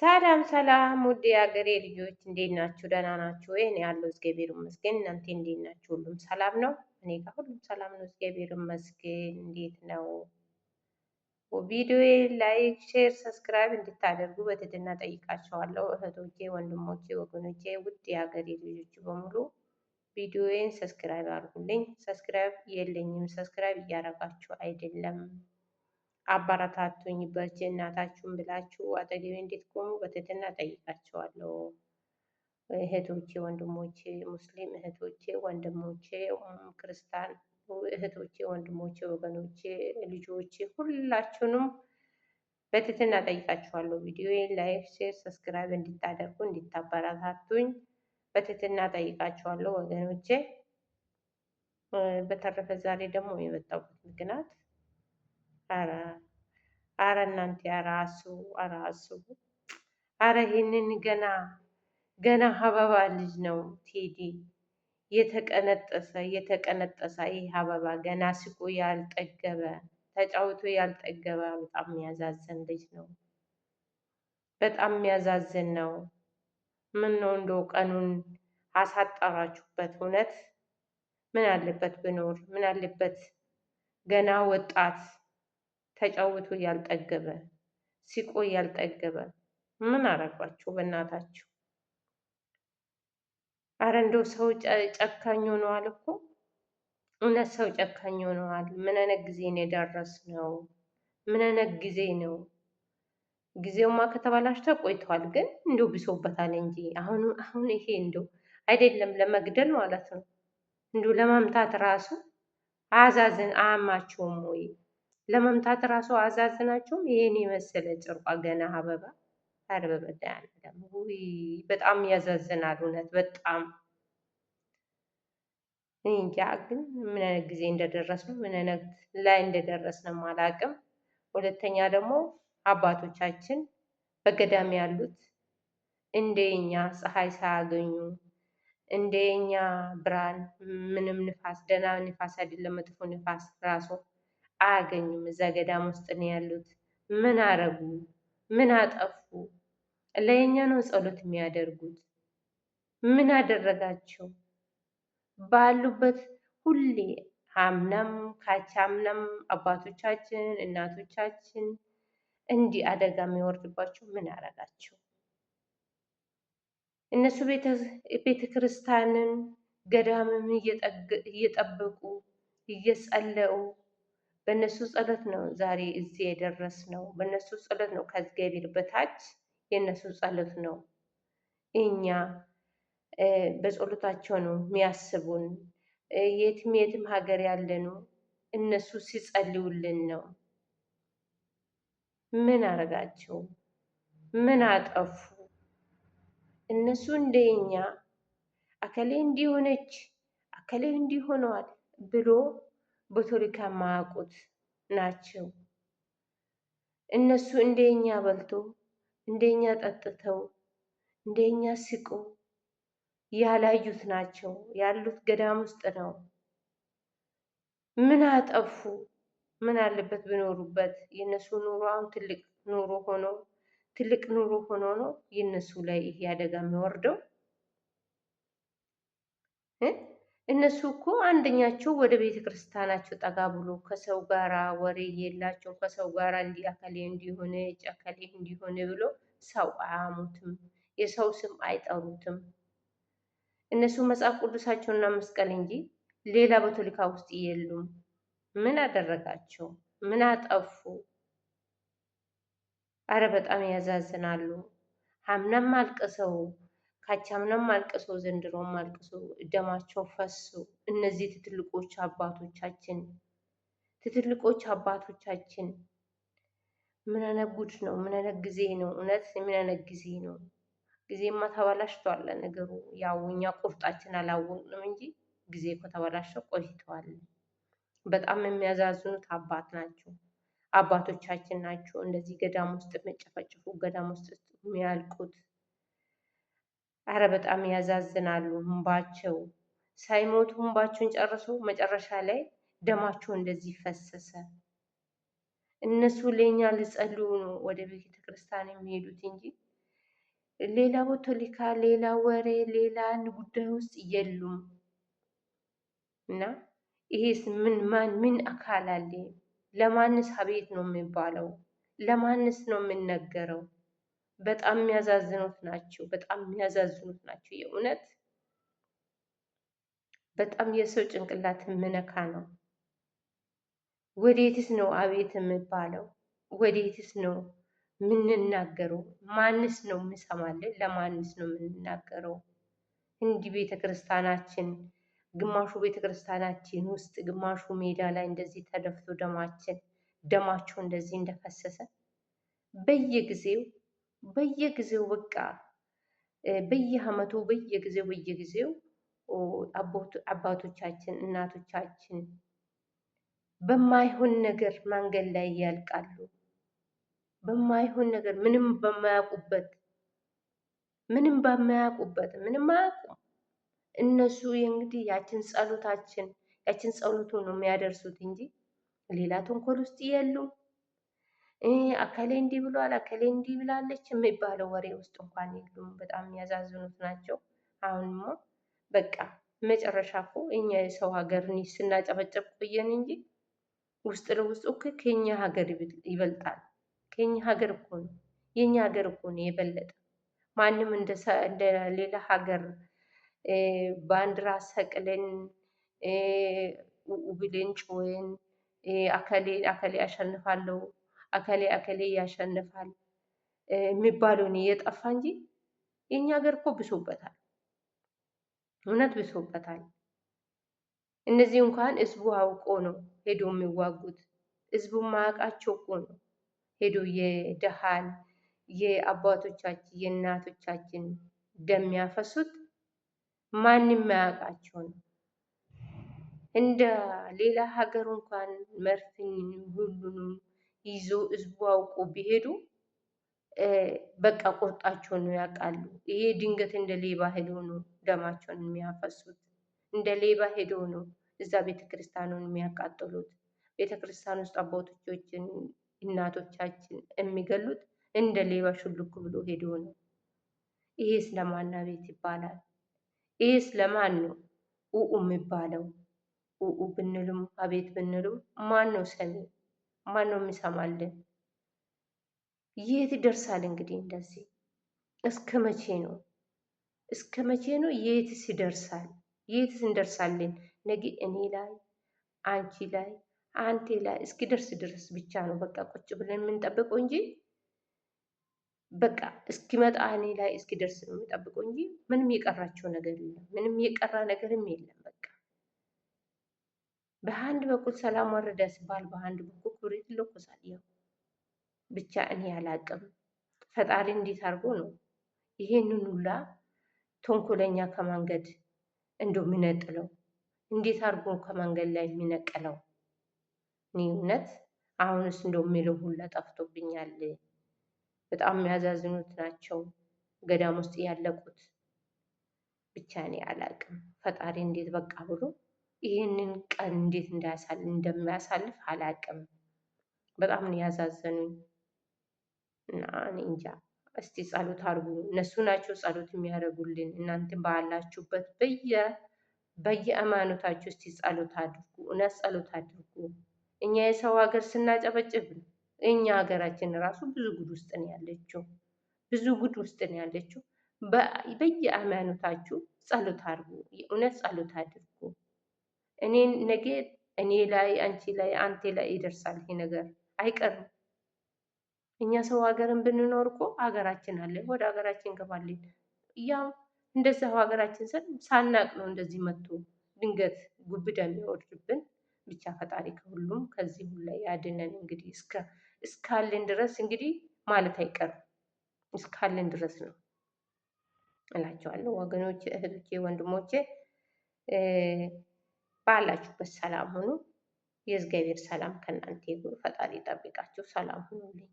ሰላም ሰላም ውድ የአገሬ ልጆች እንዴት ናችሁ? ደህና ናችሁ ወይ? እኔ ያለው እግዚአብሔር ይመስገን። እናንተ እንዴት ናችሁ? ሁሉም ሰላም ነው? እኔ ጋር ሁሉም ሰላም ነው፣ እግዚአብሔር ይመስገን። እንዴት ነው? ቪዲዮ ላይክ፣ ሼር፣ ሰብስክራይብ እንድታደርጉ በትህትና ጠይቃቸዋለሁ። እህቶቼ፣ ወንድሞቼ፣ ወገኖቼ ውድ የአገሬ ልጆች በሙሉ ቪዲዮዬን ሰብስክራይብ አድርጉልኝ። ሰብስክራይብ የለኝም፣ ሰብስክራይብ እያደረጋችሁ አይደለም አባራታቱኝ በርቺ እናታችሁን ብላችሁ አጠገቤ እንድትቆሙ በትህትና ጠይቃቸዋለሁ። እህቶቼ፣ ወንድሞቼ፣ ሙስሊም እህቶቼ፣ ወንድሞቼ፣ ክርስቲያን እህቶቼ፣ ወንድሞቼ፣ ወገኖቼ፣ ልጆቼ ሁላችሁንም በትህትና ጠይቃችኋለሁ። ቪዲዮ ላይክ፣ ሼር፣ ሰብስክራይብ እንድታደርጉ እንድታበረታቱኝ በትህትና ጠይቃችኋለሁ ወገኖቼ። በተረፈ ዛሬ ደግሞ የመጣሁበት ምክንያት አረ እናንተ አረ አስቡ፣ አረ አስቡ፣ አረ ይህንን ገና ገና ሀበባ ልጅ ነው ቴዲ የተቀነጠሰ የተቀነጠሰ ይህ አበባ ገና ስቆ ያልጠገበ ተጫውቶ ያልጠገበ በጣም የሚያዛዘን ልጅ ነው። በጣም የሚያዛዝን ነው። ምን ነው እንደው ቀኑን አሳጠራችሁበት። እውነት ምን አለበት ብኖር ምን አለበት ገና ወጣት ተጫውቶ ያልጠገበ ሲቆ ያልጠገበ ምን አረጓችሁ? በእናታችሁ አረ እንደው ሰው ጨካኝ ሆነዋል እኮ እውነት ሰው ጨካኝ ሆነዋል። ምን አይነት ጊዜ ነው የደረስነው? ምን አይነት ጊዜ ነው? ጊዜውማ ከተበላሽተ ቆይተዋል። ግን እንደው ብሶበታል እንጂ አሁን አሁን ይሄ እንደው አይደለም ለመግደል ማለት ነው እንዲሁ ለመምታት ራሱ አዛዝን አያማቸውም ወይ? ለመምታት ራሱ አዛዝ ናቸው። ይሄን የመሰለ ጭርቋ ገና አበባ አርበበ ደግሞ በጣም ያዛዝናል። እውነት በጣም እንጃ ግን ምን አይነት ጊዜ እንደደረስ ነው ምን አይነት ላይ እንደደረስ ነው አላውቅም። ሁለተኛ ደግሞ አባቶቻችን በገዳም ያሉት እንደኛ ፀሐይ ሳያገኙ እንደኛ ብርሃን ምንም ንፋስ ደህና ንፋስ አይደለም፣ መጥፎ ንፋስ ራሱ አያገኙም። እዛ ገዳም ውስጥ ነው ያሉት። ምን አረጉ? ምን አጠፉ? ለእኛ ነው ጸሎት የሚያደርጉት። ምን አደረጋቸው? ባሉበት ሁሌ አምናም ካቻምናም አባቶቻችን እናቶቻችን እንዲህ አደጋ የሚወርድባቸው ምን አረጋቸው? እነሱ ቤተ ክርስቲያንን ገዳምም እየጠበቁ እየጸለዩ በእነሱ ጸሎት ነው ዛሬ እዚህ የደረስ ነው። በእነሱ ጸሎት ነው ከእግዚአብሔር በታች የእነሱ ጸሎት ነው። እኛ በጸሎታቸው ነው የሚያስቡን። የትም የትም ሀገር ያለኑ እነሱ ሲጸልዩልን ነው። ምን አረጋቸው? ምን አጠፉ? እነሱ እንደኛ አከሌ እንዲሆነች አከሌ እንዲሆነዋል ብሎ በታሪክ የማያውቁት ናቸው። እነሱ እንደኛ በልቶ እንደኛ ጠጥተው እንደኛ ስቆ ያላዩት ናቸው። ያሉት ገዳም ውስጥ ነው። ምን አጠፉ? ምን አለበት ብኖሩበት? የእነሱ ኑሮ አሁን ትልቅ ኑሮ ሆኖ ትልቅ ኑሮ ሆኖ ነው የእነሱ ላይ ይሄ አደጋ የሚወርደው። እነሱ እኮ አንደኛቸው ወደ ቤተ ክርስቲያናቸው ጠጋ ብሎ ከሰው ጋራ ወሬ የላቸው ከሰው ጋራ እንዲ አከሌ እንዲሆነ ጨከሌ እንዲሆነ ብሎ ሰው አያሙትም፣ የሰው ስም አይጠሩትም። እነሱ መጽሐፍ ቅዱሳቸውና መስቀል እንጂ ሌላ በቶሊካ ውስጥ የሉም። ምን አደረጋቸው? ምን አጠፉ? አረ በጣም ያዛዝናሉ። አምናም አልቀሰው ካቻምናም አልቅሶ ዘንድሮም አልቅሶ ደማቸው ፈሶ እነዚህ ትትልቆች አባቶቻችን ትትልቆች አባቶቻችን ምን አይነት ጉድ ነው? ምን አይነት ጊዜ ነው? እውነት ምን አይነት ጊዜ ነው? ጊዜማ ተበላሽቷል ነገሩ። ያው እኛ ቁርጣችን አላወቅንም እንጂ ጊዜ እኮ ተበላሸው ቆይተዋል። በጣም የሚያዛዝኑት አባት ናቸው፣ አባቶቻችን ናቸው። እንደዚህ ገዳም ውስጥ መጨፈጭፉ ገዳም ውስጥ የሚያልቁት አረ በጣም ያዛዝናሉ። ሁምባቸው ሳይሞቱ ሁምባቸውን ጨርሶ መጨረሻ ላይ ደማቸው እንደዚህ ፈሰሰ። እነሱ ለኛ ሊጸልዩ ነው ወደ ቤተ ክርስቲያን የሚሄዱት እንጂ ሌላ ቦቶሊካ፣ ሌላ ወሬ፣ ሌላ ጉዳይ ውስጥ የሉም። እና ይሄስ ምን ማን ምን አካል አለ? ለማንስ አቤት ነው የሚባለው? ለማንስ ነው የምንነገረው? በጣም የሚያዛዝኑት ናቸው። በጣም የሚያዛዝኑት ናቸው። የእውነት በጣም የሰው ጭንቅላት ምነካ ነው። ወዴትስ ነው አቤት የምባለው? ወዴትስ ነው የምንናገረው? ማንስ ነው የምንሰማለን? ለማንስ ነው የምንናገረው? እንዲህ ቤተ ክርስቲያናችን ግማሹ ቤተ ክርስቲያናችን ውስጥ ግማሹ ሜዳ ላይ እንደዚህ ተደፍቶ ደማችን ደማቸው እንደዚህ እንደፈሰሰ በየጊዜው በየጊዜው በቃ በየአመቱ በየጊዜው በየጊዜው አባቶቻችን እናቶቻችን በማይሆን ነገር መንገድ ላይ ያልቃሉ። በማይሆን ነገር ምንም በማያውቁበት ምንም በማያውቁበት ምንም አያውቁም። እነሱ እንግዲህ ያችን ጸሎታችን ያችን ጸሎቱ ነው የሚያደርሱት እንጂ ሌላ ተንኮል ውስጥ የሉም። አከሌ እንዲህ ብሏል፣ አከሌ እንዲህ ብላለች የሚባለው ወሬ ውስጥ እንኳን የሉም። በጣም የሚያዛዝኑት ናቸው። አሁንማ በቃ መጨረሻ እኮ እኛ የሰው ሀገር ስናጨበጨብ ቆየን እንጂ ውስጥ ለውስጥ እኮ ከኛ ሀገር ይበልጣል። ከኛ ሀገር እኮ ነው የኛ ሀገር እኮ ነው የበለጠ። ማንም እንደ ሌላ ሀገር ባንዲራ ሰቅለን ውብልን ጭወን አከሌ አከሌ አሸንፋለሁ አከሌ አከሌ ያሸንፋል የሚባለው እየጠፋ የጠፋ እንጂ የእኛ ሀገር እኮ ብሶበታል፣ እውነት ብሶበታል። እነዚህ እንኳን ህዝቡ አውቆ ነው ሄዶ የሚዋጉት። ህዝቡ ማያውቃቸው እኮ ነው ሄዶ የደሃን የአባቶቻችን የእናቶቻችን ደም ያፈሱት ማንም ማያውቃቸው ነው። እንደ ሌላ ሀገር እንኳን መርፍኝ ሁሉንም ይዞ ህዝቡ አውቆ ቢሄዱ በቃ ቁርጣቸውን ነው ያውቃሉ። ይሄ ድንገት እንደ ሌባ ሄደው ነው ደማቸውን የሚያፈሱት። እንደ ሌባ ሄደው ነው እዛ ቤተ ክርስቲያኑን የሚያቃጥሉት። ቤተ ክርስቲያን ውስጥ አባቶቻችን፣ እናቶቻችን የሚገሉት እንደ ሌባ ሹልክ ብሎ ሄደው ነው። ይሄስ ለማን ቤት ይባላል? ይሄስ ለማን ነው ኡኡ የሚባለው? ኡኡ ብንልም አቤት ብንልም ማን ነው ሰሚ? ማን ነው የሚሰማልን? የት ይደርሳል? እንግዲህ እንደዚህ እስከ መቼ ነው? እስከ መቼ ነው? የትስ ይደርሳል? የትስ እንደርሳለን? ነገ እኔ ላይ አንቺ ላይ አንቴ ላይ እስኪደርስ ድረስ ብቻ ነው በቃ ቁጭ ብለን የምንጠብቀው እንጂ በቃ እስኪመጣ እኔ ላይ እስኪደርስ ነው የሚጠብቀው እንጂ ምንም የቀራቸው ነገር የለም። ምንም የቀራ ነገርም የለም። በቃ በአንድ በኩል ሰላም ወረደ ሲባል በአንድ በኩል ኩሪት ይለኮሳል። ያው ብቻ እኔ ያላቅም ፈጣሪ እንዴት አድርጎ ነው ይሄንን ሁላ ተንኮለኛ ከመንገድ እንደ የሚነጥለው እንዴት አድርጎ ከመንገድ ላይ የሚነቅለው? እኔ እውነት አሁንስ እንደ የሚለው ሁላ ጠፍቶብኛል። በጣም የሚያዛዝኑት ናቸው ገዳም ውስጥ ያለቁት። ብቻ እኔ አላቅም ፈጣሪ እንዴት በቃ ብሎ ይህንን ቀን እንዴት እንደሚያሳልፍ አላቅም። በጣም ነው ያዛዘኑኝ እና እኔ እንጃ። እስቲ ጸሎት አድርጉ። እነሱ ናቸው ጸሎት የሚያደርጉልን። እናንተም ባላችሁበት በየ በየሃይማኖታችሁ እስቲ ጸሎት አድርጉ። እውነት ጸሎት አድርጉ። እኛ የሰው ሀገር ስናጨበጭብ እኛ ሀገራችን ራሱ ብዙ ጉድ ውስጥ ነው ያለችው፣ ብዙ ጉድ ውስጥ ነው ያለችው። በየሃይማኖታችሁ ጸሎት አድርጉ። እውነት ጸሎት አድርጉ። እኔ ነገ እኔ ላይ አንቺ ላይ አንቴ ላይ ይደርሳል ይሄ ነገር አይቀርም። እኛ ሰው ሀገርን ብንኖር እኮ ሀገራችን አለ፣ ወደ ሀገራችን እንገባለን። ያው እንደዛው ሀገራችን ስን ሳናቅ ነው እንደዚህ መጥቶ ድንገት ጉብዳ የሚወርድብን። ብቻ ፈጣሪ ከሁሉም ከዚህ ሁሉ ያድነን። እንግዲህ እስካለን ድረስ እንግዲህ ማለት አይቀርም እስካለን ድረስ ነው እላቸዋለሁ ወገኖች፣ እህቶቼ፣ ወንድሞቼ ባላችሁበት ሰላም ሁኑ። የእግዚአብሔር ሰላም ከእናንተ ይሁን። ፈጣሪ ይጠብቃችሁ። ሰላም ሁኑልኝ።